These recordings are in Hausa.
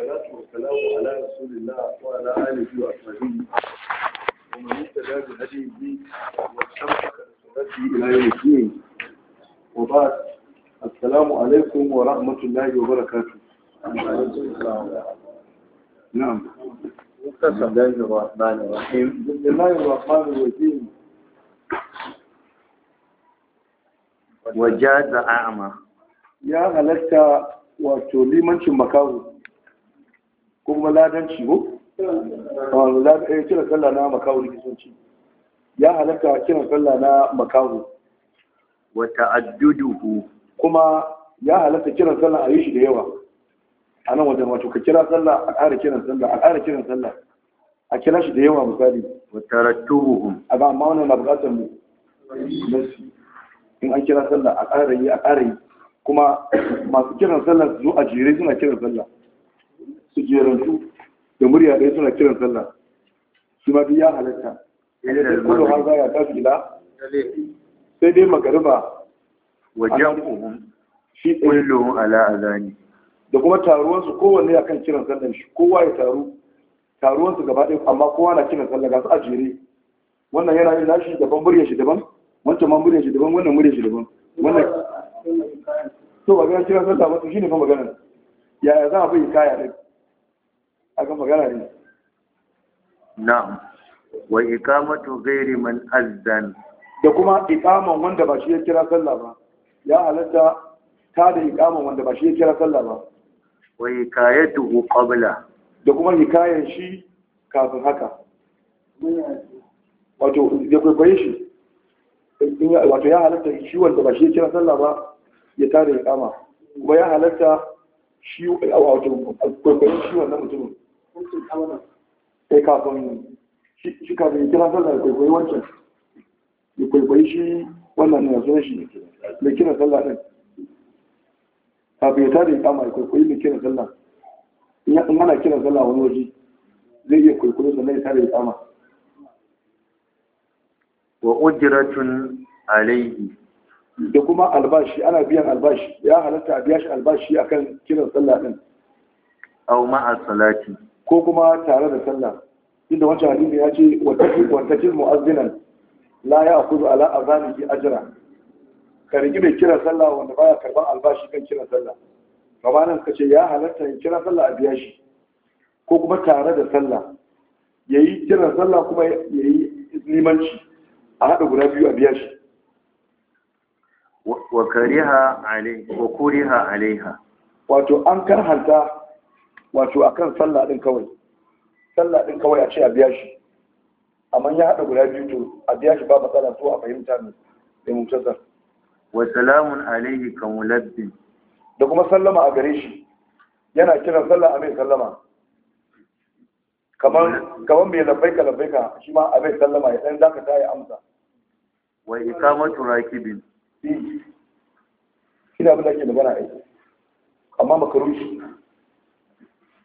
الصلاة والسلام على رسول الله وعلى آله وأصحابه ومن اهتدى بهديه واستمسك بسنته إلى يوم الدين وبعد السلام عليكم ورحمة الله وبركاته نعم بسم الله الرحمن الرحيم بسم الله الرحمن الرحيم وجاد أعمى يا halatta wato limancin makaho ko kuma ladanci ko kira sallah na makawo kisanci ya halatta eh, kiran sallah na makawo wa ta'adduduhu kuma ya halatta kiran sallah a yi shi da yawa a nan wajen wato ka kira sallah a ƙara kiran sallah a ƙara kiran sallah a kira shi da yawa misali wa tarattubuhum a ba amma wannan na buƙatar mu in an kira sallah a ƙara yi a ƙara yi kuma masu kiran sallah su a jere suna kiran sallah su jerantu da murya ɗaya suna kiran sallah shi ma duk ya halatta da kullu har zaya ta fila sai dai magariba wajen kuhum shi kullu ala azani da kuma taruwan kowanne ya kan kiran sallah, shi kowa ya taru taruwan su gaba ɗaya amma kowa na kiran sallah ga su ajere wannan yana yin nashi daban murya shi daban wancan ma murya shi daban wannan murya shi daban wannan to ba ga kiran sallah ba to shine fa maganar yaya za a bai kaya ɗaya? aka magana ne na'am wa iqamatu ghairi man azan da kuma iqaman wanda ba shi ya kira sallah ba ya halatta ta da iqaman wanda ba shi ya kira sallah ba wa hikayatuhu qabla da kuma hikayen shi kafin haka wato da kwaikwaye shi wato ya halatta shi wanda ba shi ya kira sallah ba ya tada iqama kama kuma ya halatta shi wato kwaikwaye shi wannan mutumin sai kafin shi kafin kira sallah ya kwaikwayi wancan ya kwaikwayi shi wannan na zuwa shi mai kira sallah ɗin kafin ya tada ya kama ya kwaikwayi mai kira sallah in ana kira sallah wani waje zai iya kwaikwayo sannan ya tada ya kama wa ujratun alaihi da kuma albashi ana biyan albashi ya halatta a biya shi albashi akan kiran sallah din aw ma'a salati ko kuma tare da sallah inda wancan hadisi ya ce wattakil mu'azzinan la ya akuzu ala azanihi ajra ka rigi mai kira sallah wanda baya karban albashi kan kira sallah kama nan ce ya halatta ya kira sallah a biya shi ko kuma tare da sallah ya yi kira sallah kuma ya yi limanci a haɗa guda biyu a biya shi wa kuriha alaiha wato an karhanta wato akan sallah din kawai sallah din kawai a ce a biya shi amma ya haɗa guda biyu to a biya shi ba matsala to a fahimta ne da mutazar wa salamun alaihi kan mulabbin da kuma sallama a gare shi yana kiran sallah a mai sallama kamar kamar mai labbaika labbaika shi ma a mai sallama ya dan zaka ta yi amsa wa ikamatu rakibin eh, shi da abin da ke magana ai amma makarushi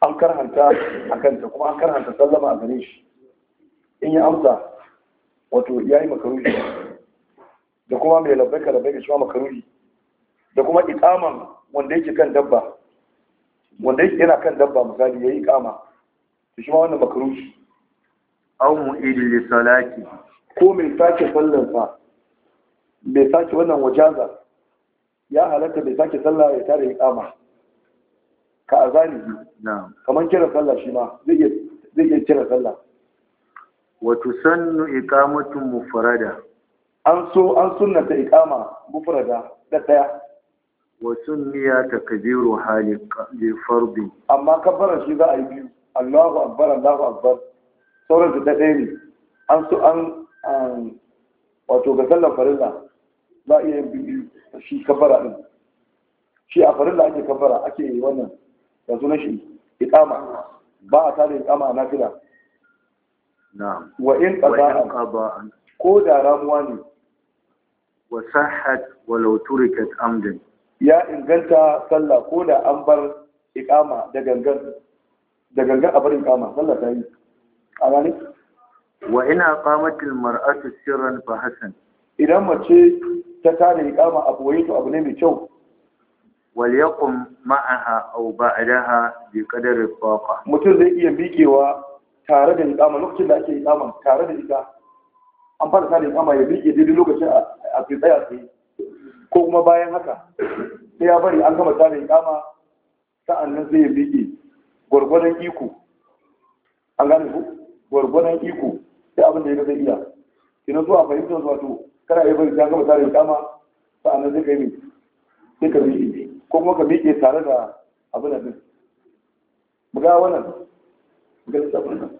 an karhanta a kanta kuma an karhanta sallama a gare shi in ya amsa wato ya yi makaruri da kuma mai labbaika da shi ma makaruri da kuma ikaman wanda yake kan dabba wanda yake yana kan dabba misali ya yi ikama da shi ma wannan makaruri an iri da salaki ko mai sake sallansa mai sake wannan wajaza ya halatta mai sake sallah ya tare ikama ka azani kamar kira sallah shi ma zai iya kira sallah wa sannu iqamatun mufrada an so an sunnata iqama mufrada da daya wa sunniya takbiru halik li fardi amma kabbara shi za a yi biyu Allahu akbar Allahu akbar sauran su daɗaya ne an so an wato ga sallar farilla za a iya yin biyu shi kabbara din shi a farilla ake kabbara ake yi wannan Yanzu sunan shi iqama ba a tare iƙama a nafila wa in qada'a ko da ramuwa ne wa sahhat walau turikat amdan ya inganta sallah ko da an bar iƙama da gangan da gangan a bar iqama sallah ta yi a ranar wa ina qamatil mar'atu sirran fa hasan idan mace ta tare iƙama, a boye to abu ne mai kyau وليقم معها أو بعدها بقدر الطاقة mutum zai iya miƙewa tare da iqama lokacin da ake iqama tare da ita an fara tare iqama ya miƙe daidai lokacin a tsaya sai ko kuma bayan haka sai ya bari an gama tare iqama sa'annan zai miƙe gwargwadon iko an gane ku gwargwadon iko sai abin da ya zai iya kina zuwa fahimtar wato kana iya bari an gama tare iqama sa'annan zai kai mi sai ka miƙe ko kuma ka miƙe tare da abin da mu ga wannan mu ga lissafin nan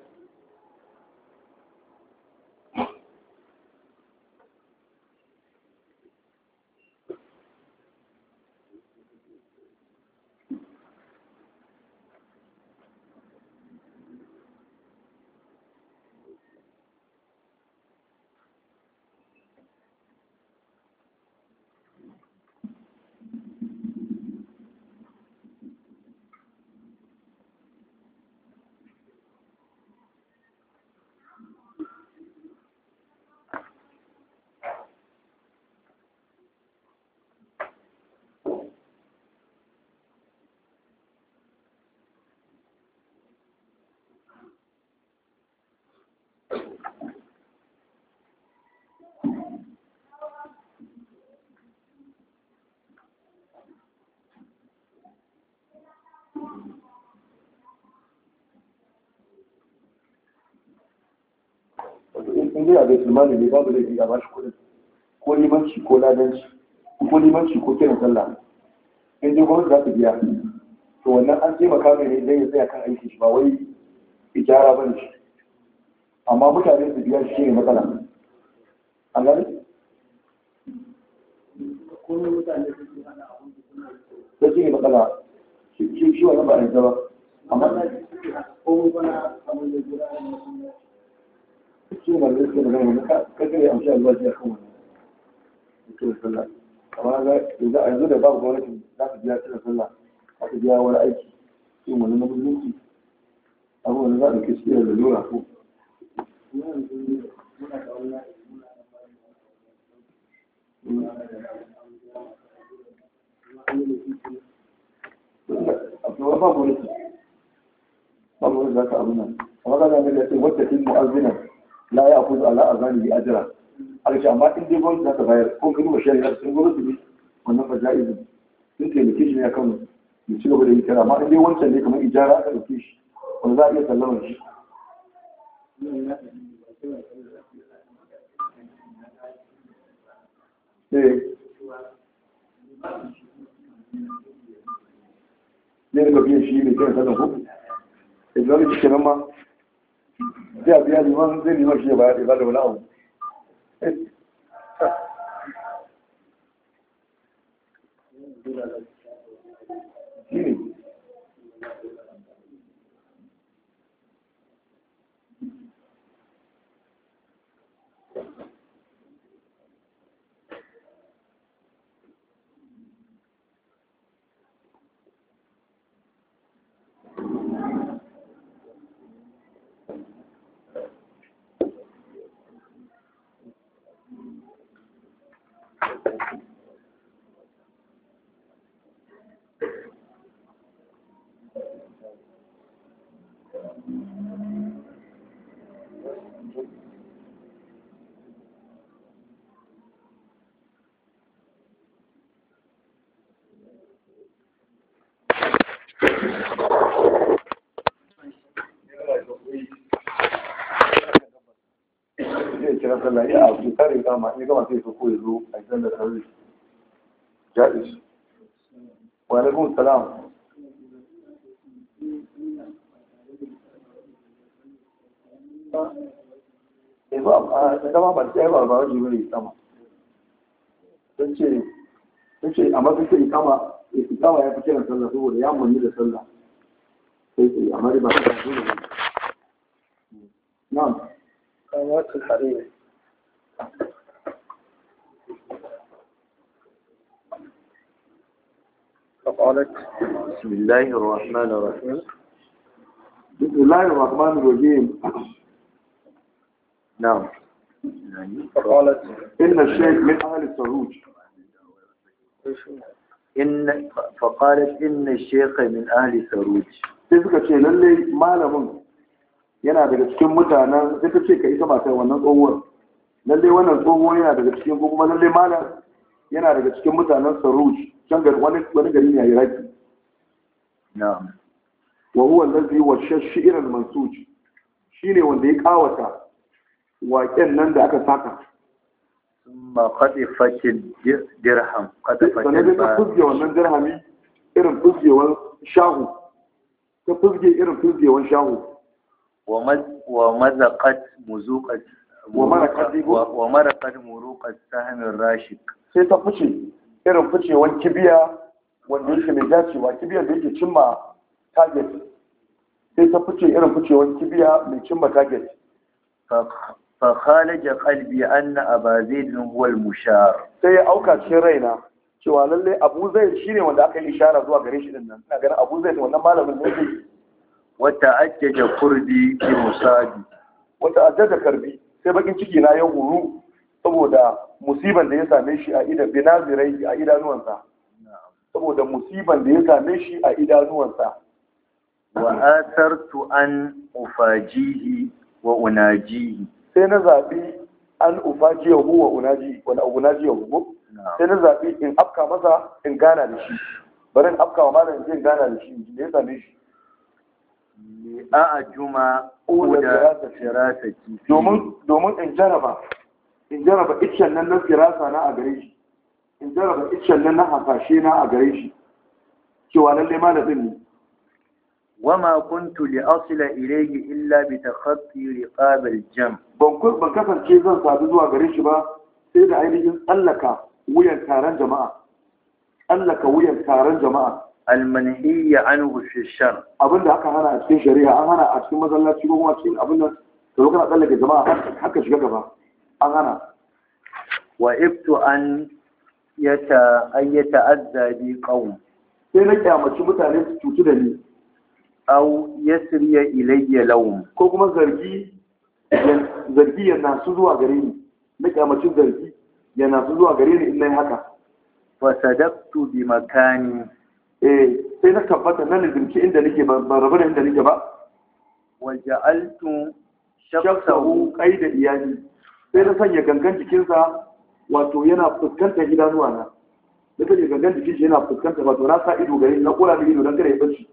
in dai a bai sulmani ne babu laifi a bashi kuɗin ko limanci ko ladanci ko limanci ko kiran sallah in dai gwamnati za ta biya to wannan an taimaka mai ne dan ya tsaya kan aikin shi ba wai ijara ba shi amma mutane su biya shi ne matsala an gani da shi ne matsala shi shi wannan ba a yi ba amma su suke magana wani kakar amshi mutum sallah amma a yanzu da babu gwamnati za biya cire sallah za biya wani aiki wani na za a ɗauke da lura ko za ka abu nan amma za ka ga da ce wata mu'azzinan la ya kudu ala azani bi ajra alƙi amma in dai gwamnati za ta bayar ko ka duba shari'a sun gwamnati bi wannan fa ja'izu sun taimake shi ne akan mu ci gaba da yi kira amma in dai wancan ne kamar ijara aka ɗauke shi wanda za a iya sallama shi ne eh. da biyan shi ne kiran sanin ku idan wani cikin ma sai abu ya liman zai nima shi ya ba da wani abu shi ne kiran sallah ya abu kare kama in gama sai su koyi zo a gidan da sarari ja'ish wa alaikum salam eh a dama ba ta yi ba ba ji sama sun ce amma sun ce ikama ikama ya fi kiran sallah saboda ya munni da sallah sai amma ba ta zo da na'am kamatul فقالت بسم الله الرحمن الرحيم بسم الله الرحمن الرحيم نعم فقالت إن الشيخ من أهل الثروج إن فقالت إن الشيخ من أهل الثروج تذكر شيء ce lallai ينعم yana daga cikin mutanen sai ta ce ka ita lalle wannan tsoho yana daga cikin ko kuma lalle malam yana daga cikin mutanen saruj can gari wani wani gari ne a iraki na'am wa huwa allazi washa shi'r al-mansuj shine wanda ya kawata waƙen nan da aka saka ma fakin dirham fakin sanan da kuzge wannan dirhami irin kuzgewan shahu ta kuzge irin kuzgewan shahu wa mazaqat muzuqat wa marakat muruqat sahmin rashik sai ta fice irin ficewar kibiya wanda yake mai dacewa kibiyar da yake cimma target sai ta fice irin ficewar kibiya mai cimma target fa ga kalbi anna aba zaid huwa nuhuwar mushar sai ya auka cikin raina cewa lalle abu shi shine wanda aka yi ishara zuwa gare shi din nan ina ganin abu zaid wannan malamin ne wata ajjaja kurdi bi musabi wata ajjaja karbi sai bakin ciki na ya huru saboda musiban da ya same shi a idan binazirai a idanuwansa saboda musiban da ya same shi a idanuwansa wa asartu an ufajihi wa unajihi sai na zabi an ufajiyahu wa unaji wa unajiyahu sai na zabi in afka masa in gana da shi bari in afka wa malamin in gana da shi da ya same shi a ajuma oda firasa ki domin domin in jaraba in jaraba iccen nan na firasa na a gare shi in jaraba iccen nan na hasashe na a gare shi cewa lalle malamin ne wama kuntu li asila ilayhi illa bi takhatti riqab jam ban ban kasance zan sadu zuwa gare shi ba sai da ainihin tsallaka wuyan taron jama'a tsallaka wuyan taron jama'a almanhiyya anhu fi shar abinda aka hana a cikin shari'a an hana a cikin masallaci ko kuma cikin abin abinda to lokacin tsallake jama'a haka shiga gaba an hana wa ibtu an yata an yata'azza bi qawm sai na kyamaci mutane su cutu da ni aw yasriya ilayya lawm ko kuma zargi zargi yana su zuwa gare ni na kyamaci zargi yana su zuwa gare ni in nayi haka fa sadaqtu bi makani Eh, sai na tabbata na lizimci inda nake ban rabu da inda nake ba wa ja'altu shafsahu qaida iyali sai na sanya gangan jikinsa wato yana fuskantar idanuwa na na sanya gangan jikin shi yana fuskantar wato na sa ido gare na kura da ido don kada ya bacci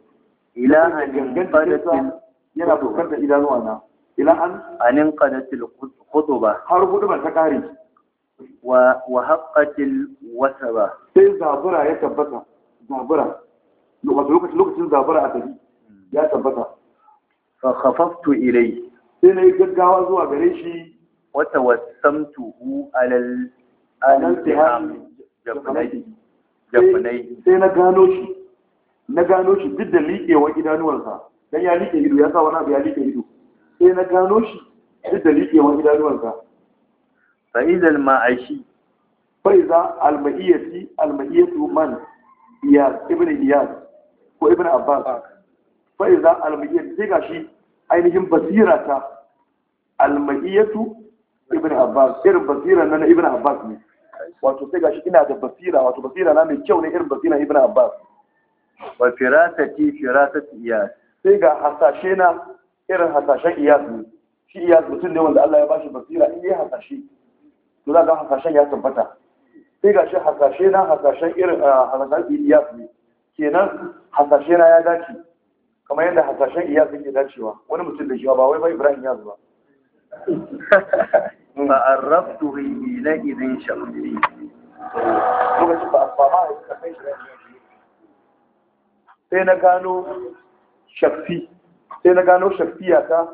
ilaha gangan jikinsa yana fuskantar idanuwa na ila an anin qadatil khutuba har huduba ta kare wa wa haqqatil wasaba sai zabura ya tabbata zabura lokacin zabura a gari ya tabbata fa khafaftu ilai sai na yi gaggawa zuwa gare shi wata wasamtuhu alal alintiham jafanai sai na gano shi na gano shi duk da liƙewa idanuwarsa dan ya liƙe ido ya sa wani abu ya liƙe ido sai na gano shi duk da liƙewa idanuwarsa fa idal ma'ashi fa iza al ma'iyati al ma'iyatu man iyaz ibn iyaz ko ibn abbas fa idza al-mahiyyah sai gashi ainihin basira ta al-mahiyyatu ibn abbas irin basira na ibn abbas ne wato sai gashi ina da basira wato basira na mai kyau ne irin basira ibn abbas wa firatati, firatati iyaz sai ga hasashe na irin hasashen iyaz ne shi iyaz mutum ne wanda Allah ya bashi basira in yi hasashe to za ga hasashen ya tabbata sai ga shi hasashe na hasashen irin ah, hasashen iyas ne kenan hasashe na ya dace kamar yadda hasashen iyas yake dacewa wani mutum da shi ba wai ba ibrahim iyas ba ma'arraftu rini na idin shamsi lokacin ba a fama a kasai shi sai na gano shafi sai na gano shafiya ta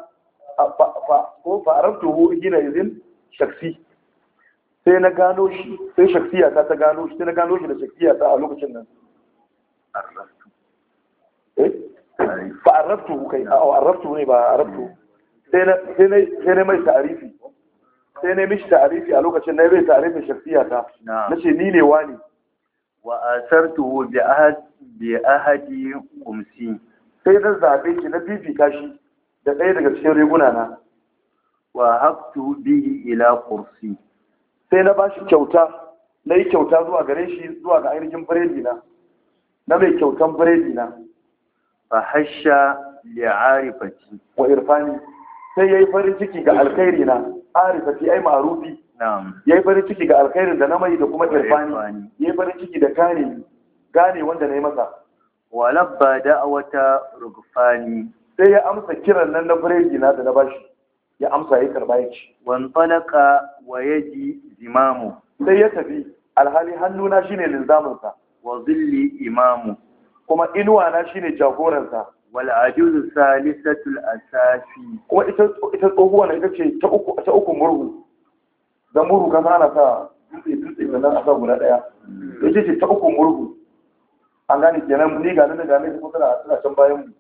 ko fa'arabtuhu hina izin shaksi sai na gano shi sai shaksiya ta ta gano shi sai na gano shi da shaksiya ta a lokacin nan eh? ba a rabtu kai a rabtu ne ba a rabtu sai na mai ta'arifi sai na mishi ta'arifi a lokacin na mai ta'arifin shaksiya ta na ce ni ne wani wa asartu bi ahadi kumsi sai na zaɓe shi na bibita shi da ɗaya daga cikin riguna na wa haftu bihi ila kursi sai na bashi kyauta na yi kyauta zuwa gare shi zuwa ga ainihin biredi na na mai kyautan biredi na fa hasha li arifati wa irfani sai yayi farin ciki ga alkhairi na arifati ai ma'rufi na'am yayi farin ciki ga alkhairin da na mai da kuma irfani yayi farin ciki da kare, gane wanda na yi masa wa labba da'awata rugfani sai ya amsa kiran nan na biredi na da na bashi ya amsa ya karba ya ci wan falaka wa yaji zimamu sai ya tafi alhali hannuna shine linzamin sa wa zilli imamu kuma inuwa na shine jagoran sa wal ajuzu salisatul asafi kuma ita ita tsohuwa na ita ce ta uku ta uku murhu dan murhu ka sana sa dutse dutse da nan asa guda ɗaya. Hmm. ita ce ta uku murhu an gane kenan ni ga nan da ne ko tana tana can bayan mu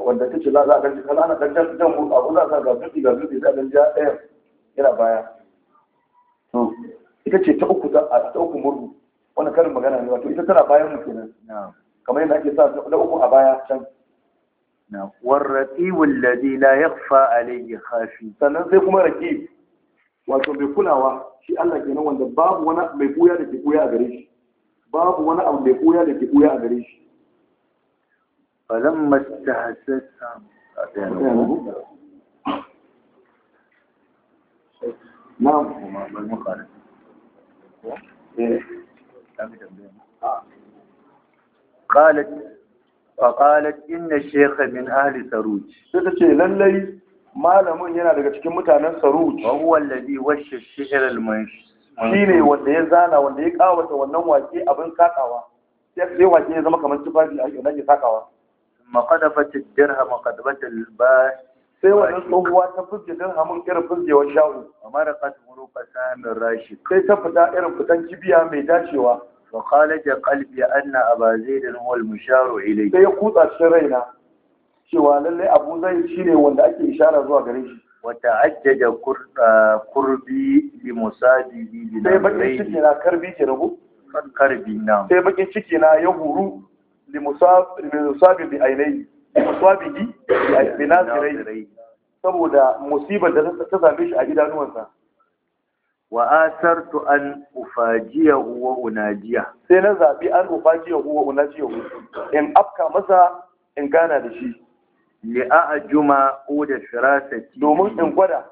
wanda kace za za dan kaza na dan dan dan abu za ka ga gudi ga gudi da dan ja ɗaya yana baya ita ce ta uku ta uku murhu wani karin magana ne wato ita tana bayan mu kenan kamar yadda ake sa na uku a baya can والرقيب الذي لا يخفى عليه خافي sannan sai kuma raqib wato mai kulawa shi Allah kenan wanda babu wani mai buya da ke buya a gare shi babu wani abu mai buya da ke buya a gare shi فلما استهزت ما هو المقارنة قالت فقالت إن الشيخ من أهل سروج تتشي للي malamin yana daga cikin mutanen saruj wa huwa alladhi washsha ash-shi'r al-mansh wanda ya zana wanda ya kawata wannan wake abin sakawa sai wake ya zama kamar tufafi a yau nake sakawa maqadafat ad-dirham maqadabat al-bash sai wannan tsohuwa ta fuske dirhamin irin fuskewar shahu amara qat muruqa samir rashid sai ta fita irin fitan kibiya mai dacewa wa khalaja qalbi anna aba zaid huwa al-musharu ilayhi sai ya kutsa shi raina cewa lallai abu zai shine wanda ake ishara zuwa gare shi wata ajjada kurbi bi musabihi bi sai bakin ciki na karbi ke rabu karbi na sai bakin ciki na ya huru limusabi bi ainihi yi bi nasirai saboda musibar da ta same shi a idanuwansa wa asartu an ufajiya huwa unajiya sai na zabi an ufajiya huwa unajiya unajiyahu in afka masa in gana da shi li a'juma da firasati domin in gwada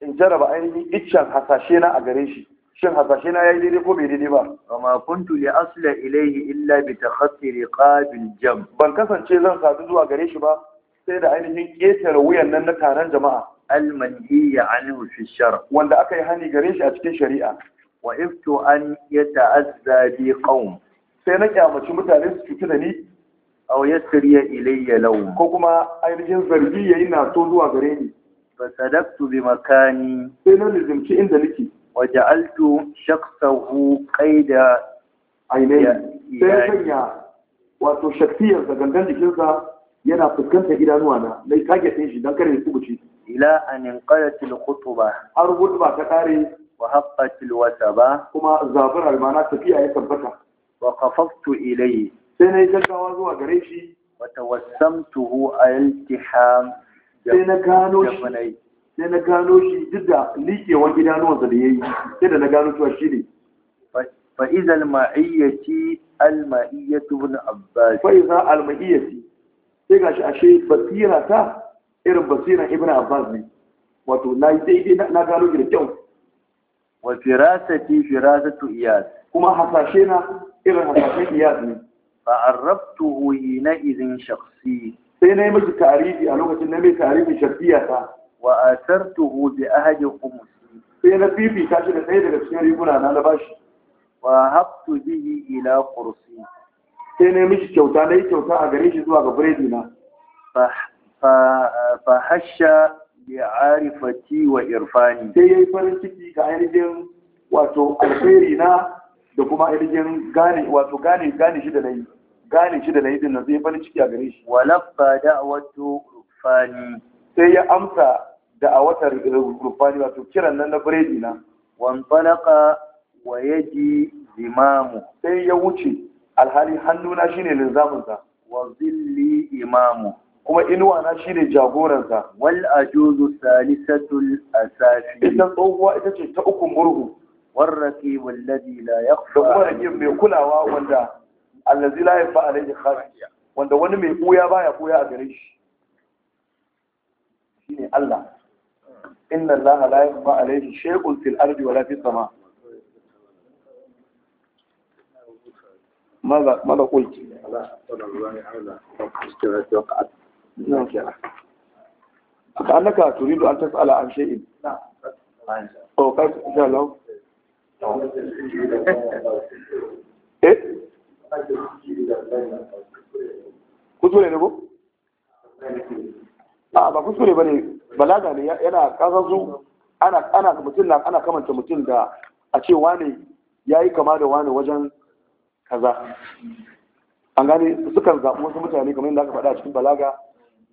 in jaraba ainihin iccen hasashe na a gare shi shin hasashe na yayi daidai ko bai daidai ba amma kuntu li asla ilayhi illa bi takhassi riqabil jam ban kasance zan sadu zuwa gare shi ba sai da ainihin ketar wuyan nan na taron jama'a al manhiya anhu fi shar wanda aka yi hani gare shi a cikin shari'a wa iftu an yata'azza bi qaum sai na kyamaci mutane su cutu da ni aw yasriya ilayya law ko kuma ainihin zargi yayi na so zuwa gare ni fa sadaqtu bi makani sai na lizimci inda nake waja'altu shakhsahu qaida ainihi sai sanya wato shaktiyar da gangan jikinsa yana fuskantar idanuwa na mai kage ɗin shi don kare ya kubuce ila an inqalat al khutba har khutba ta kare wa haqqat al wasaba kuma zabar al mana tafiya ya tabbata wa qafaftu ilayhi sai na yi gaggawa zuwa gare shi wa tawassamtuhu al iltiham sai na gano shi sai na gano shi duk da liƙewar idanuwansa da ya yi sai da na gano cewa shi ne fa'iza al-ma'iyyati al-ma'iyyatu bin abbas fa'iza al-ma'iyyati sai gashi ashe basira ta irin basira ibn abbas ne wato na yi daidai na gano shi da kyau wa firasati firasatu iyas kuma hasashe na irin hasashen iyas ne fa'arrabtuhu hina idin shakhsi sai na yi miki tarihi a lokacin na mai tarihi shakhsiyata wa asartuhu bi ahadi khumsi sai na fifita shi da tsaye daga cikin riguna na na bashi wa haftu bihi ila kursi sai na mishi kyauta na yi kyauta a gare shi zuwa ga biredi na fa hasha bi arifati wa irfani sai yayi farin ciki ga ainihin wato alheri na da kuma ainihin gane wato gane gane shi da nayi gane shi da nayi din nan zai farin ciki a gare shi wa da da'watu rufani sai ya amsa da a wata rufani wato kiran nan na biredi na wanfalaka wa yaji zimamu sai ya wuce alhali hannuna shine linzaminsa wa zilli imamu kuma inuwa na shine jagoransa wal ajuzu salisatul asafi ita tsohuwa ita ce ta uku murhu warraki wallazi la yakhfa da kuma rake mai kulawa wanda allazi la yakhfa alayhi khafiya wanda wani mai buya baya buya a gare shi shine Allah inna allaha la yakhfa alayhi shay'un fil ardi wala fis sama ماذا ماذا قلت؟ كأنك تريد أن تسأل عن شيء نعم أو كيف تسأله؟ إيه؟ كسوري نبو؟ آه ما كسوري بني balaga ne yana kasansu ana ana mutum na ana kamanta mutum da a ce wane yayi kama da wane wajen kaza an gane sukan zaɓi wasu mutane kamar yadda aka faɗa a cikin balaga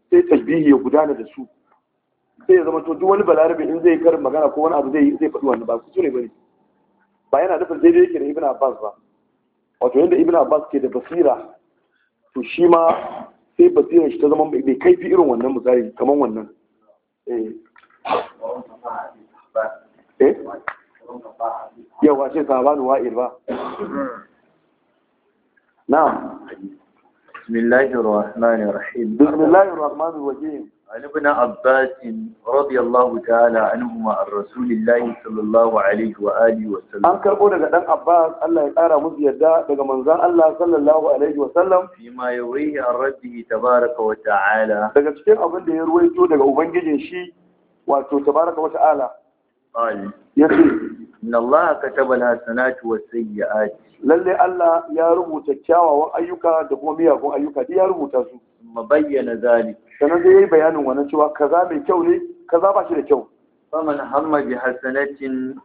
sai tasbihi ya gudana da su sai ya zama to duk wani balarabe in zai karin magana ko wani abu zai zai faɗi wannan ba su ne bane ba yana nufin daidai yake da ibn abbas ba wato yadda ibn abbas ke da basira to shi ma sai basirar shi ta zama bai kaifi irin wannan misali kamar wannan إيه؟ يوغاشي نعم بسم الله الرحمن الرحيم بسم الله الرحمن الرحيم ibn Abbas radiyallahu ta'ala anhu ma ar-rasulillah an karbo daga dan Abbas Allah ya tsara musu yadda daga manzon Allah sallallahu alaihi wa sallam fi tabaraka wa ta'ala daga cikin abinda da ya ruwaito daga ubangijin shi wato tabaraka wa ta'ala yace inna Allah kataba al-hasanati wa sayyi'ati lalle Allah ya rubuta kyawawan ayyuka da kuma miyagun ayyuka dai ya rubuta su mabayyana zali. sannan zai yi bayanin wannan cewa kaza mai kyau ne kaza ba shi da kyau faman hamma bi hasanatin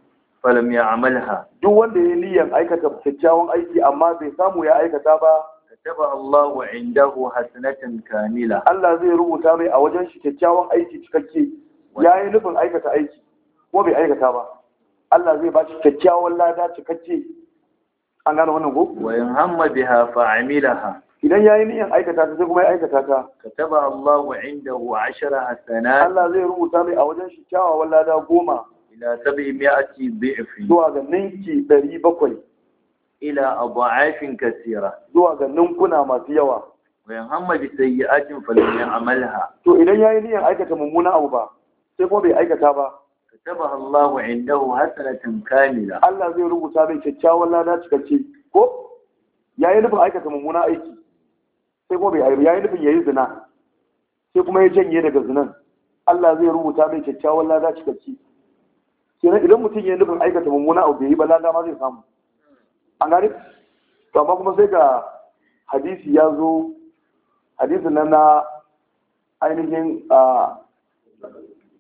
falam ya'malha duk wanda ya niyan aikata kyakkyawan aiki amma bai samu ya aikata ba kataba Allah wa indahu hasanatan kamila Allah zai rubuta mai a wajen shi kyakkyawan aiki cikakke yayi nufin aikata aiki ko bai aikata ba Allah zai ba shi kyakkyawan lada cikakke an gano wannan ko wa in hamma biha fa amilaha idan yayi niyan aikata ta sai kuma ya aikata ta kataba Allahu indahu 10 hasanat Allah zai rubuta mai a wajen shi kyawawan lada goma ila 700 bi'fi zuwa ga ninki 700 ila adha'afin kaseera zuwa ga ninkuna masu yawa wa yahamma bi sayyi'atin falan ya'malha to idan yayi niyan aikata mummuna abu ba sai kuma bai aikata ba kataba Allahu indahu hasanatan kamila Allah zai rubuta mai kyakkyawan lada cikakke ko yayi nufin aikata mummuna aiki sai kuma bai aibu yi nufin ya yi zina sai kuma ya janye daga zinan Allah zai rubuta mai kyakkyawan lada cikakki kenan idan mutum ya yi nufin aikata mummuna abu bai yi ba lada ma zai samu an gani to amma kuma sai ga hadisi ya zo hadisin na na ainihin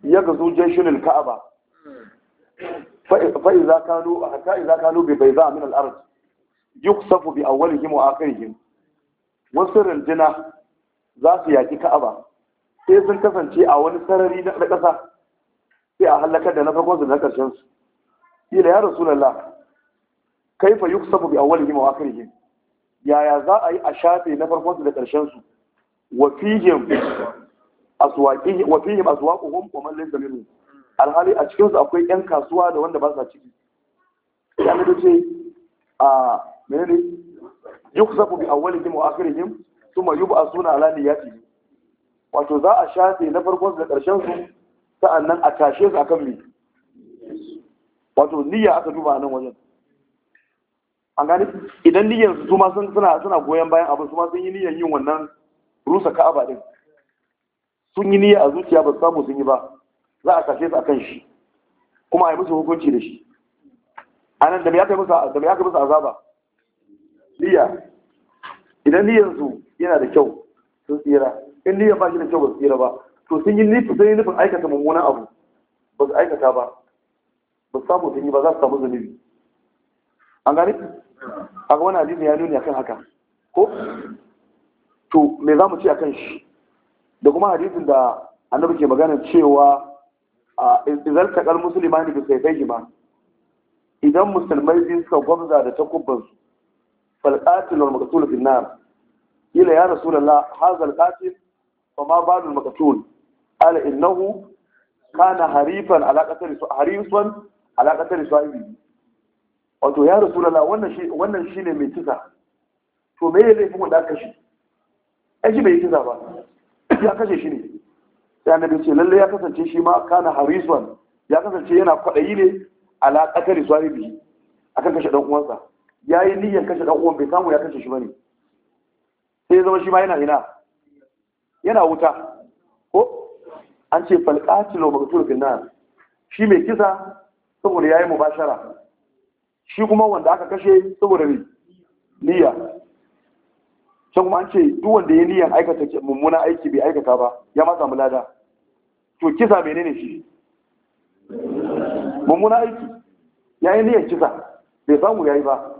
ya gazo jeshin ka'aba fa'iza kanu hatta iza kanu bi bai za a min al-ard safu bi awwalihim wa akhirihim wasu rinjina za su yaƙi ka'aba sai sun kasance a wani sarari na ƙasa sai a hallakar da na farko su na ƙarshen su ila ya rasulullah kaifa yuksafu bi hima wa akhirihim yaya za a yi a shafe na farkon su da ƙarshen su wa fihim aswaqihim wa fihim aswaquhum wa man laysa minhum alhali a cikin su akwai yan kasuwa da wanda ba sa ciki ya ne ce a menene yuksafu bi awwalihim wa akhirihim thumma yub'asuna ala niyyatihim wato za a shafe na farkon da karshen su sa'annan a tashe su akan me wato niyya aka duba nan wajen an gani idan niyyar su ma suna suna goyen bayan abin su ma sun yi niyyar yin wannan rusa ka'aba din sun yi niyya a zuciya ba su samu sun yi ba za a tashe su akan shi kuma a yi musu hukunci da shi anan da me aka yi musu azaba niyya idan niyyar su yana da kyau sun tsira in niyyar ba shi da kyau ba su tsira ba to sun yi nufin aikata mummunan abu ba su aikata ba ba su samu sun yi ba za su samu zunubi an gane a ga wani hadisi ya nuni akan haka ko to me za mu ce akan shi da kuma hadisin da annabi ke magana cewa a izaltakal musulmani bi ba idan musulmai biyu suka gwamza da takubbansu فالقاتل والمقتول في النار قيل يا رسول الله هذا القاتل فما بال المقتول قال إنه كان حريفا على قتل حريفا على قتل صاحبه wato ya rasu lala wannan shi ne mai kisa to me ya laifin wanda aka kashe aji bai kisa ba ya kashe shi ne sai annabi ce lalle ya kasance shi ma kana hariswan ya kasance yana kwaɗayi ne ala qatali sahibi akan kashe ɗan uwansa ya yi niyyar kashe ɗan uwan bai samu ya kashe shi ba ne. sai ya zama shi ma yana ina yana wuta ko an ce falqatilu maqtul fil nar shi mai kisa saboda ya yi mu bashara. shi kuma wanda aka kashe saboda ne niyya can kuma an ce duk wanda ya niyyar aikata mummuna aiki bai aikata ba ya ma samu lada to kisa menene shi mummuna aiki ya yi niyyar kisa bai samu ya yi ba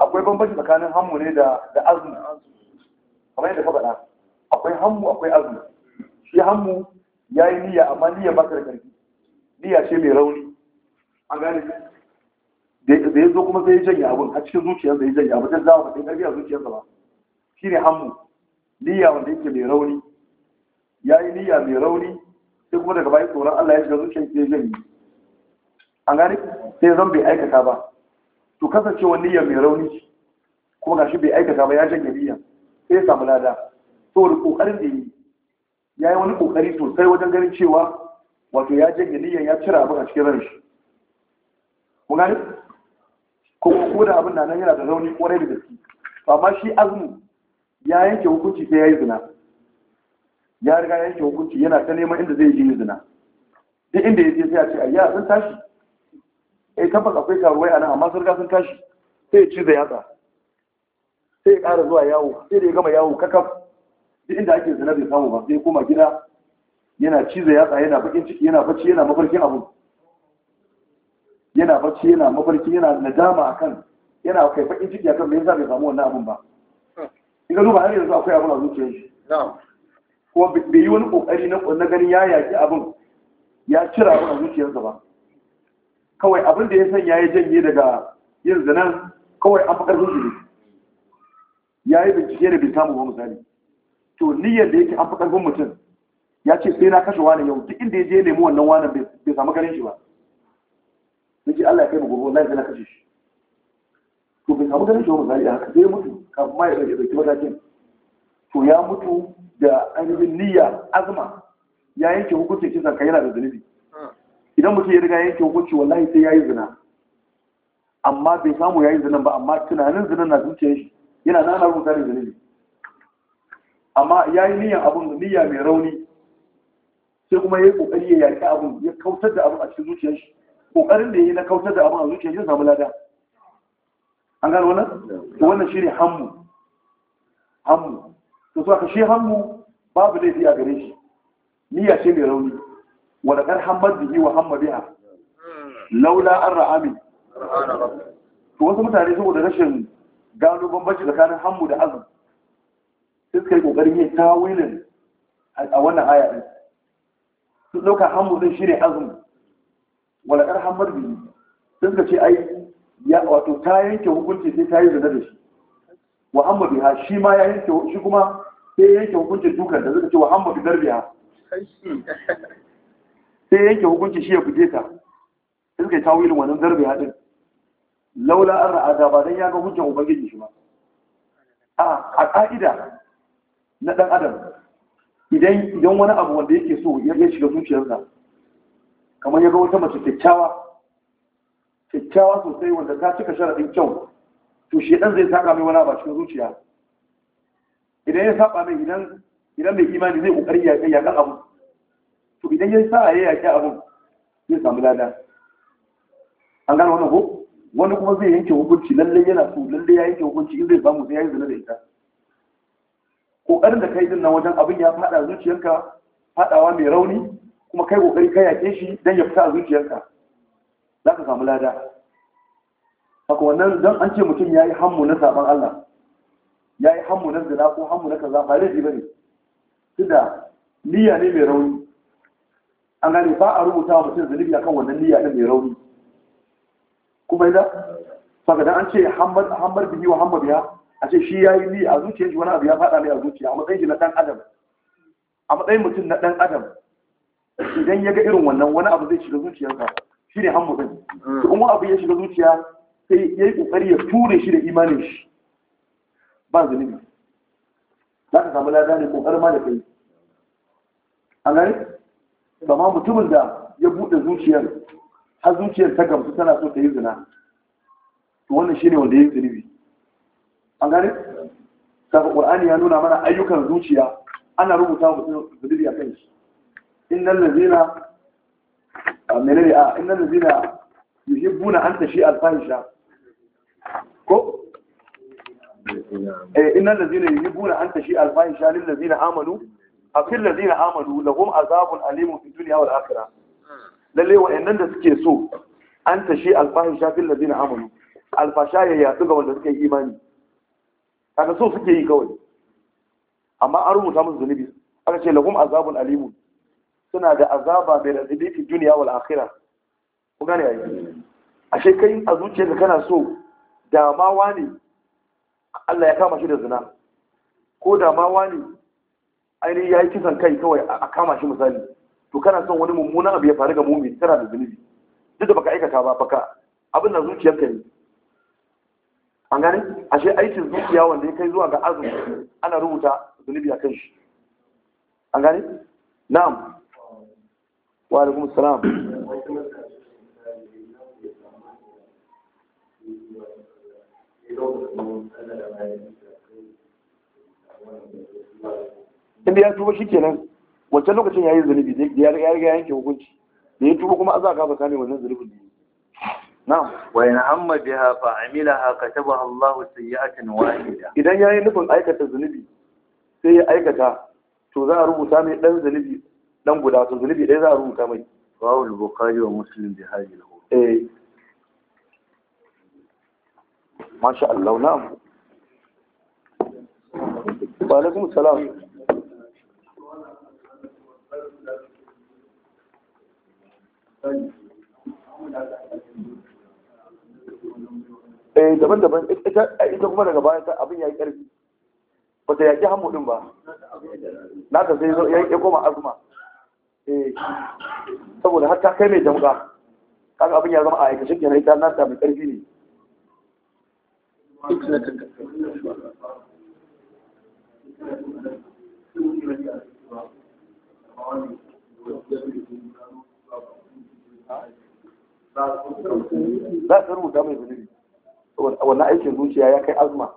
akwai bambanci tsakanin hannu ne da azumi kamar yadda ka faɗa akwai hannu akwai azumi shi hannu ya yi niyya amma niyya ba ta da ƙarfi niyya ce mai rauni A gane da ya zo kuma sai ya janya abin a cikin zuciyarsa ya janya abin da zama a faɗi ƙarfi a zuciyarsa ba shi ne hannu niyya wanda yake mai rauni ya yi niyya mai rauni sai kuma daga bayan tsoron Allah ya shiga zuciyarsa ya janye an gane sai zan bai aikata ba to kasancewa niyyar mai rauni ce kuma shi bai aikata ba ya janye niyya sai ya samu lada da kokarin da yi ya yi wani kokari sosai wajen ganin cewa wato ya janye niyyar ya cire abin a cikin ran shi kun gani ko ko da abin nan yana da rauni kwarai da gaske to amma shi azumi ya yanke hukunci sai ya yi zina ya riga yanke hukunci yana ta neman inda zai yi zina duk inda ya je sai a ce ayya sun tashi eh tabbas akwai karuwai a nan amma sun sun tashi sai ya ci da yatsa sai ya ƙara zuwa yawo sai da ya gama yawo kakaf duk inda ake zina bai samu ba sai ya koma gida yana cizo yatsa yana bakin ciki yana bacci yana mafarkin abu yana bacci yana mafarkin, yana nadama akan yana kai bakin ciki akan me yasa bai samu wannan abun ba in ka duba har yanzu akwai abun a zuciyar shi kuma bai yi wani kokari na ganin ya yaki abun ya cira abun a zuciyarsa ba kawai abin da ya sanya ya janye daga yin zinan kawai an fakar zuci ya yi bincike da bin samu ba misali to niyyar da yake an fakar mutum ya ce sai na kashe wani yau duk inda ya je nemi wannan wani bai samu ganin shi ba nake Allah ya kai mu gobe wallahi sai na kashe shi to bai samu ganin shi ba misali haka sai mutu kafin ma ya dauki matakin to ya mutu da ainihin niyya azuma ya yanke hukuncin kisan kai yana da zunubi idan mutum ya riga yanke hukunci wallahi sai ya yi zina amma bai samu ya yi zinan ba amma tunanin zina na zuciyar shi yana nana rubuta da ne. amma ya yi niyan abin niyya mai rauni sai kuma ya yi kokari ya yaƙi abin ya kautar da abin a cikin zuciyar shi kokarin da ya yi na kautar da abin a zuciyar shi samu lada an gano wannan wannan shi ne hammu hammu to saka shi hammu babu laifi a gare shi niyya ce mai rauni ولقد حمد به وهم بها laula ان رامي to wasu mutane saboda rashin gano bambanci tsakanin Hamu da azum sai suka yi kokarin yin tawilin a wannan aya ɗin. sun dauka hammu din shine azum wala kar hammar bi sai ce ai ya wato ta yanke hukunci sai ta yi zina da shi wa hamma biha shi ma ya yanke shi kuma sai yanke hukuncin dukan da suka ce wa hamma bi sai yanke hukunci shi ya fuje ta sai suka yi tawilin wannan zarbe haɗin laula an da ba dan ya ga hujjar ubangiji shi ba a ƙa'ida na ɗan adam idan wani abu wanda yake so ya shiga zuciyarsa kamar ya ga wata mace kyakkyawa kyakkyawa sosai wanda ta cika sharaɗin kyau to shi ɗan zai saka mai wani abu a cikin zuciya idan ya saba mai idan mai imani zai ƙoƙari ya kan abu to idan ya sa ya yaƙi abin zai samu lada an gano wannan ko wani kuma zai yanke hukunci lallai yana so lallai ya yanke hukunci in zai samu sai ya yi zina da ita kokarin da kai din nan wajen abin ya fada zuciyarka fadawa mai rauni kuma kai kokari ka yake shi dan ya fita a zuciyarka za ka samu lada haka wannan dan an ce mutum ya yi hammu na saban Allah ya yi hammu na zina ko hammu na kaza ba laifi bane tunda niyya ne mai rauni an gane ba a rubuta wa mutum zunubi akan wannan niyya ɗin mai rauni kuma idan saka dan an ce hambar bihi wa hambar biya a ce shi ya yi ni a zuciyar shi wani abu ya faɗa mai a zuciya a matsayin shi na ɗan adam a matsayin mutum na ɗan adam idan ya ga irin wannan wani abu zai shiga zuciyarsa shi ne hambar bihi mm. to abu ya shiga zuciya sai ya yi ƙoƙari ya ture shi da imanin shi ba zunubi za ka samu lada ne ƙoƙarin ma da kai an gane amma mutumin da ya bude zuciyar har zuciyar ta gamsu tana so ta yi zina to wannan ne wanda ya yi zunubi an gane saka qur'ani ya nuna mana ayyukan zuciya ana rubuta mutum zunubi a kan shi innal ladina menene a innal ladina buna an tashi al ko eh in nan da zina, ladina buna an tashi al-fahisha lil ladina amanu afil ladina amanu lahum azabun alim fi dunya wal akhirah lalle wa'annan da suke so an tashi alfahisha fil ladina amanu alfasha ya yatsu ga wanda suka yi imani kaga so suke yi kawai amma an rubuta musu zunubi aka ce lahum azabun alim suna da azaba mai radadi fi duniya wal akhirah ku gane ai ashe kai a zuciyarka kana so da ma wani Allah ya kama shi da zina ko da ma wani ainihin ya yi kisan kai kawai a kama shi misali to kana son wani mummunan abu ya faru ga mummi tana da zunubi duk da baka aikata ba baka abin na zuciyarka ne an gani ashe aikin zuciya wanda ya kai zuwa ga azumi ana rubuta zunubi a kan shi an gani na'am wa alaikum salam Thank you. inda ya tuba shikenan wancan lokacin yayin zunubi da ya riga yanke hukunci da ya tuba kuma azaka ba kame wannan zunubin ne na'am wa in amma biha fa amilaha kataba Allah sayyi'atan wahida idan yayin nufin aikata zunubi sai ya aikata to za a rubuta mai dan zunubi dan guda to zunubi ɗaya za a rubuta mai rawul bukhari wa muslim bi hadhihi eh masha Allah na'am wa alaikum salam eh daban-daban ita kuma daga baya abin ya yi ƙarfi ba ta yaƙi hamu ɗin ba na ta sai ya koma azuma eh, saboda har ta kai mai jamga kaga abin ya zama a aikace kenan ita na ta mai ƙarfi ne Thank you. za a rubuta mai zunubi wannan aikin zuciya ya kai azma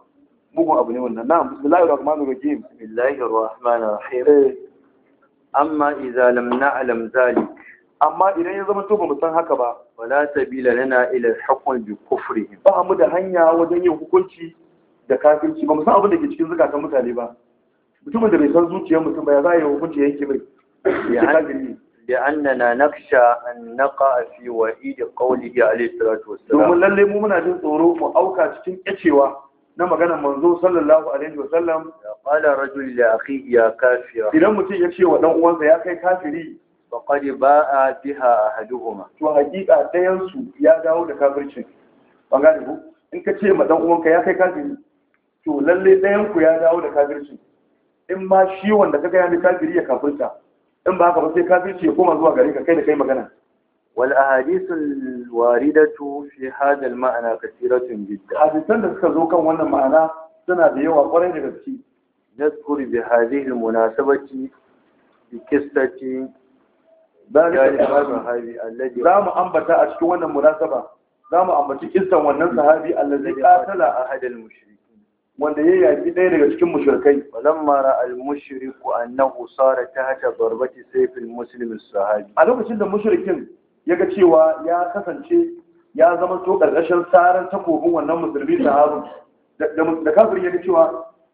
mugun abu ne wannan na bismillahir rahmanir rahim bismillahir rahmanir rahim eh. amma idza lam na'lam zalik amma idan ya zama to ba mu san haka ba wala sabila lana ila al-hukm bi kufrihim ba mu da hanya wajen yin hukunci da kafirci ba mu san abin da ke cikin zukatan mutane ba mutumin da bai san zuciyar mutum ba ya za a yi hukunci yake mai ya hankali لأننا نخشى أن نقع في وعيد قوله عليه الصلاة والسلام domin lalle mu muna jin tsoro mu auka cikin kacewa na maganar manzo sallallahu alaihi wa sallam qala rajul li akhihi ya kafira idan mutum ya ce wa dan uwansa ya kai kafiri faqad ba'a biha ahaduhuma to hakika dayan ya dawo da kafircin bangare ku in ka ce ma dan uwanka ya kai kafiri to lalle dayan ya dawo da kafircin in ma shi wanda kaga ya kafiri ya kafirta in ba haka ba sai kafirci ya koma zuwa gare ka kai da kai magana wal ahadithul waridatu fi hadha al ma'ana kathiratun jidda hadisan da suka zo kan wannan ma'ana suna da yawa kwarai da gaske nazkuru bi hadhihi al munasabati bi qissati za mu ambata a cikin wannan munasaba za mu ambaci kistan wannan sahabi allazi qatala ahadal mushrik wanda ya yaki ɗaya daga cikin mushrikai walamma mara al mushriku annahu sara ta darbati sayf al muslim sahabi a lokacin da mushrikin yaga cewa ya kasance ya zama to karkashin tsarin takobin wannan musulmi sahabi da kafirin yaga cewa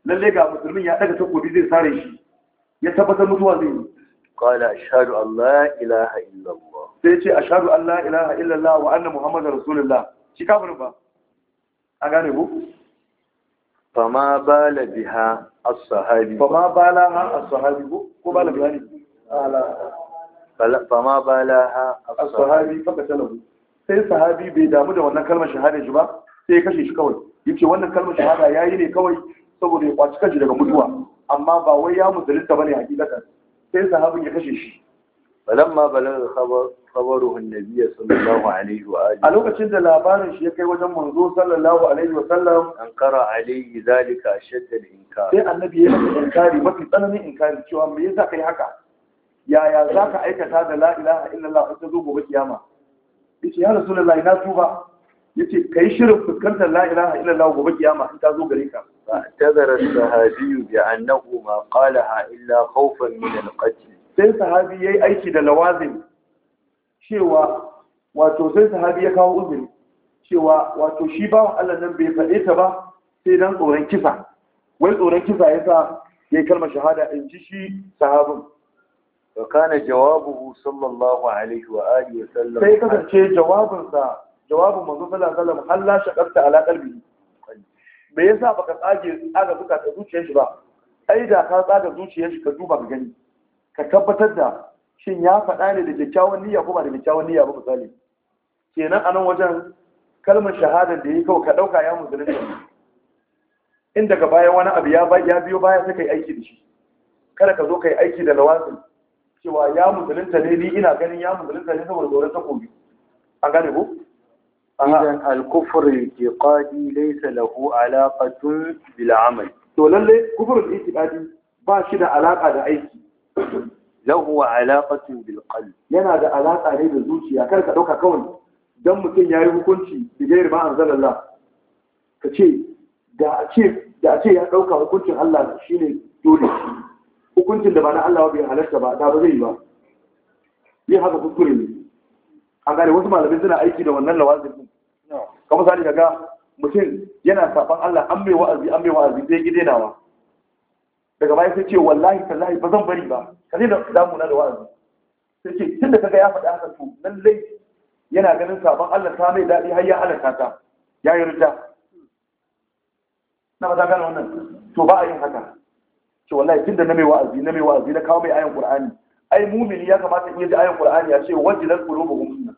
lalle ga musulmin ya daga takobi zai sare shi ya tabbatar mutuwa zai yi qala ashhadu an la ilaha illa allah sai ce ashhadu an la ilaha illa allah wa anna muhammadar rasulullah shi kafirin ba a gane ku fama بال biha الصحابي sahabi بالها الصحابي ha as-sahabi ko bala biha ne fama bala sai sahabi bai damu da wannan kalmar shahada shi ba sai ya kashe shi kawai yace wannan kalmar shahada yayi ne kawai saboda ya kwaci kanshi daga mutuwa amma ba wai ya musulunta bane hakikatan sai sahabin ya kashe shi falamma balaga khabaruhu annabiyyi sallallahu alaihi wa alihi a lokacin da labarin shi ya kai wajen manzo sallallahu alaihi wa sallam an kara alaihi zalika ashadda al-inkar sai annabi ya yi inkari mafi tsananin inkari cewa me yasa kai haka yaya zaka aikata da la ilaha illallah ta zo gobe kiyama yace ya rasulullahi na tuba yace kai shirin fuskantar la ilaha illallah gobe kiyama in ta zo gare ka ta'tazara as-sahabi bi annahu ma qalaha illa khawfan min al-qatl sai sahabi ya yi aiki da lawazin cewa wato sai sahabi ya kawo uzuri cewa wato shi ba Allah nan bai faɗe ta ba sai dan tsoron kisa wai tsoron kisa ya sa ya yi kalmar shahada in ji shi sahabin wa kana jawabuhu sallallahu alaihi wa alihi wa sallam sai kasance jawabinsa jawabin manzo sallallahu alaihi wa sallam halla shaqarta ala qalbi me yasa baka tsage tsaga zuka zuciyar shi ba ai da ka tsaga zuciyar shi ka duba ka gani ka tabbatar da shin ya faɗa ne da kyakkyawan niyya ko ba da kyakkyawan niyya ba misali kenan a nan wajen kalmar shahadar da yi kawai ka ɗauka ya musulunta in daga baya wani abu ya biyo baya sai ka yi aiki da shi kada ka zo ka yi aiki da lawasin cewa ya musulunta ne ni ina ganin ya musulunta ne saboda tsoron takobi an gane ko idan al-kufr al-i'tiqadi laysa lahu alaqatun bil amal to lalle kufr al-i'tiqadi ba shi da alaka da aiki lahuwa alaqatun bilƙal yana da alaƙa ne da zuciya kar ka ɗauka kawai dan mutum ya yi hukunci da gairar ma anzalallah ka ce da a ce da a ce ya ɗauka hukuncin Allah shi ne dole hukuncin da ba na Allah bai halarta ba da ba zai yi ba yi haka kuskure ne an gane wasu malamai suna aiki da wannan lawazin kamar sani ga. mutum yana saban Allah an mai wa'azi an mai wa'azi sai gidenawa daga baya sai ce wallahi tallahi ba zan bari ba ka zai da damuna da wa'azi sai ce tun da kaga ya faɗi haka to lallai yana ganin sabon Allah ta mai daɗi har ya halaka ta ya yarda. rita na maza gane wannan to ba a yin haka ce wallahi tun da na mai wa'azi na mai wa'azi na kawo mai ayan qur'ani ai mumini ya kamata in yi ayan qur'ani ya ce wajilat qulubuhum sunna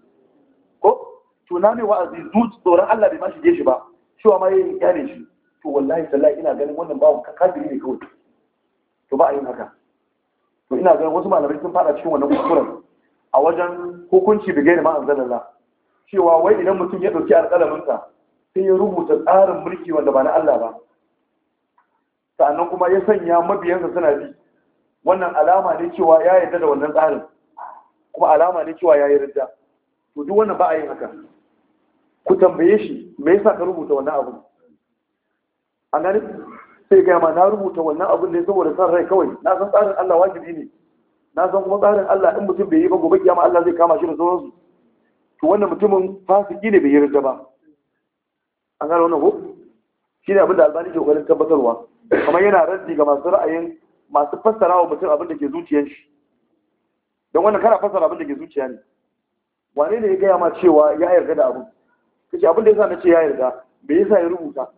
ko to na mai wa'azi zuci tsoron Allah bai ma shige shi ba cewa ma yayin kyale shi to wallahi tallahi ina ganin wannan bawon kafiri ne kawai to ba a yin haka to ina ganin wasu malamai sun fara cikin wannan kuskuren a wajen hukunci da gairi ma'an zalala cewa wai idan mutum ya ɗauki alƙalaminsa sai ya rubuta tsarin mulki wanda ba na Allah ba sannan kuma ya sanya mabiyansa suna bi wannan alama ne cewa ya yarda da wannan tsarin kuma alama ne cewa ya yi ridda to duk wannan ba a yin haka ku tambaye shi me yasa ka rubuta wannan abu an gani sai gaya ma na rubuta wannan abin ne saboda san rai kawai na san tsarin Allah wajibi ne na san kuma tsarin Allah in mutum bai yi ba gobe kiyama Allah zai kama shi da sauransu to wannan mutumin fasiki ne bai yarda ba an gano wannan ko shi ne abin da albani ke kokarin tabbatarwa kamar yana raddi ga masu ra'ayin masu fassara wa mutum abin da ke zuciyar shi don wannan kana fassara abin da ke zuciya ne wane ne ya gaya ma cewa ya yarda da abin kace abin da yasa na ce ya yarda me yasa ya rubuta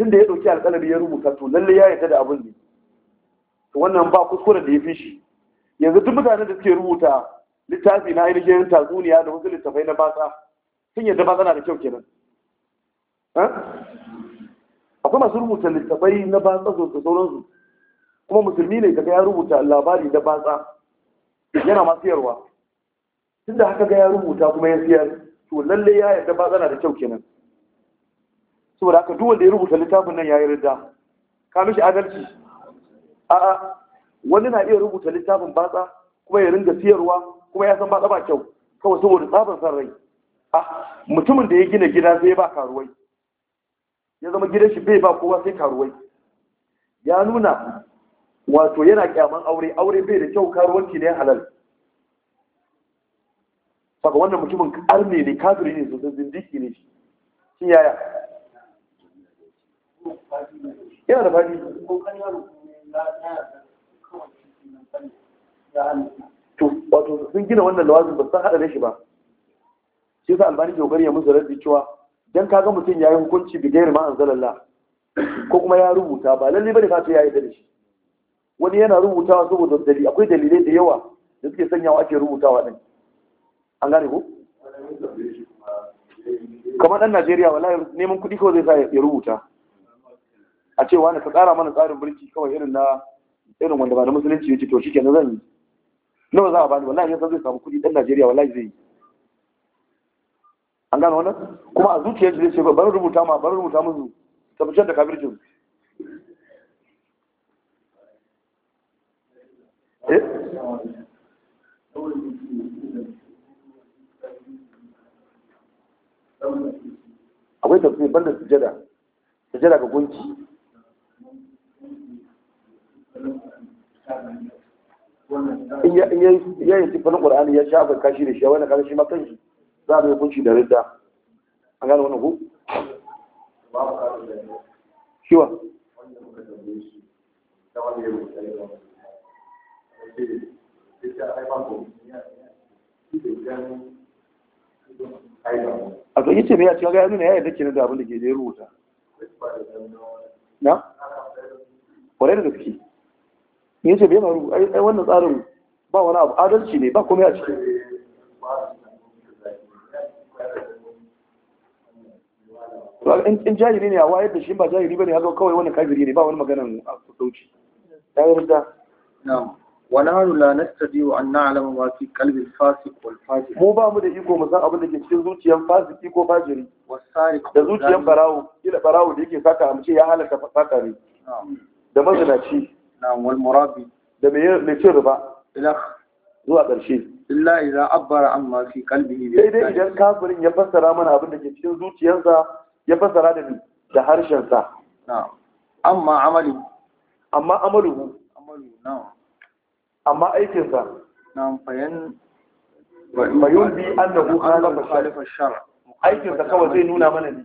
tun da ya ɗauki alƙalami ya rubuta to lallai ya yarda da abin ne to wannan ba kuskuren da ya fi shi yanzu duk mutanen da suke rubuta littafi na ainihin tatsuniya da wasu littafai na batsa sun yarda ba na da kyau kenan akwai masu rubuta littafai na batsa da sauransu kuma musulmi ne kaga ya rubuta labari da batsa yana masu yarwa. tunda haka ga ya rubuta kuma ya siyar to lalle ya yarda batsa na da kyau kenan saboda haka duk wanda ya rubuta littafin nan ya yi ridda ka mishi adalci a'a wani na iya rubuta littafin batsa kuma ya ringa siyarwa kuma ya san batsa ba kyau kawai saboda tsabar san rai A ah, mutumin da ya gina gida sai ba karuwai ya zama gidan shi bai ba kowa sai karuwai ya nuna wato yana kyaman aure aure bai da kyau karuwanci ne halal saboda wannan mutumin arne ne kafiri ne sosai zindiki ne shi yaya yana da faɗi to wato sun gina wannan lawazin ba san haɗa shi ba shi sa albani ke kokari ya musu raddi cewa dan kaga mutum yayi hukunci bi gairi ma anzalallah ko kuma ya rubuta ba lalle bane fata yayi da shi wani yana rubutawa saboda dalili akwai dalilai da yawa da suke sanyawa ake rubutawa din an gane ko kamar dan Najeriya wallahi neman kuɗi kawai zai sa ya rubuta a ce wani ka tsara mana tsarin birki kawai irin na irin wanda ba da musulunci yake to shi kenan zan yi nawa za a bani wallahi yanzu zai samu kuɗi ɗan Najeriya wallahi zai yi an gano wannan kuma a zuciyar zai ce bari rubuta ma bari rubuta musu tabbatar da kafircin eh? akwai tafsir banda sujada sujada ga gunki in ya yi siffar qur'ani ya shafa kashi da shi wani kashi shi shi, za a yi hukunci da ridda an wannan ku shiwa a ya ce ga yanzu ne ya da abin da ke da rubuta na kwarai da gaske ce bai ma rubuta ai wannan tsarin ba wani abu adalci ne ba kuma ya ciki in jahiri ne a wayar da shi ba jahiri ba ne ya zo kawai wani kafiri ne ba wani maganan sauci ya yi rida wani hannu la nastadi wa anna alama ma fi kalbin fasik wal fajiri mu ba mu da iko mu san abin da ke cikin zuciyar fasik ko fajiri da zuciyar barawo ila barawo da yake saka amce ya halaka saka ne da mazinaci da mai cin riba zuwa ƙarshe illa idan abbara amma fi ne sai dai idan kafirin ya fassara mana abin da ke cikin zuciyarsa ya fassara da da harshen sa amma amali amma amaluhu amalu na'am amma aikin sa na'am fayan fayulbi annahu khalafa shar aikin sa kawai zai nuna mana ne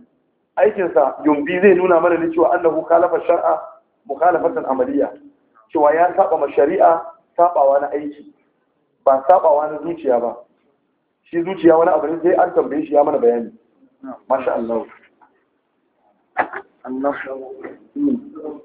aikin sa yumbi zai nuna mana ne cewa annahu khalafa shar'a mukhalafatan amaliya cewa ya saba ma shari'a sabawa na aiki ba sabawa na zuciya ba shi zuciya wani abu ne sai an tambaye shi ya mana bayani masha Allah Allah hmm.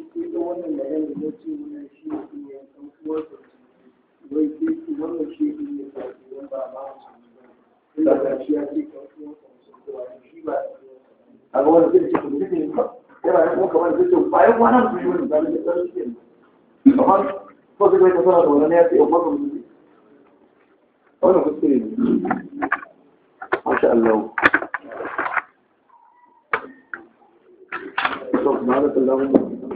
shi ke ga wannan da yanzu ya wannan shi ne shi ne ba ba da shi ba a ga wani zai ba yi wani ba ko wani wani Allah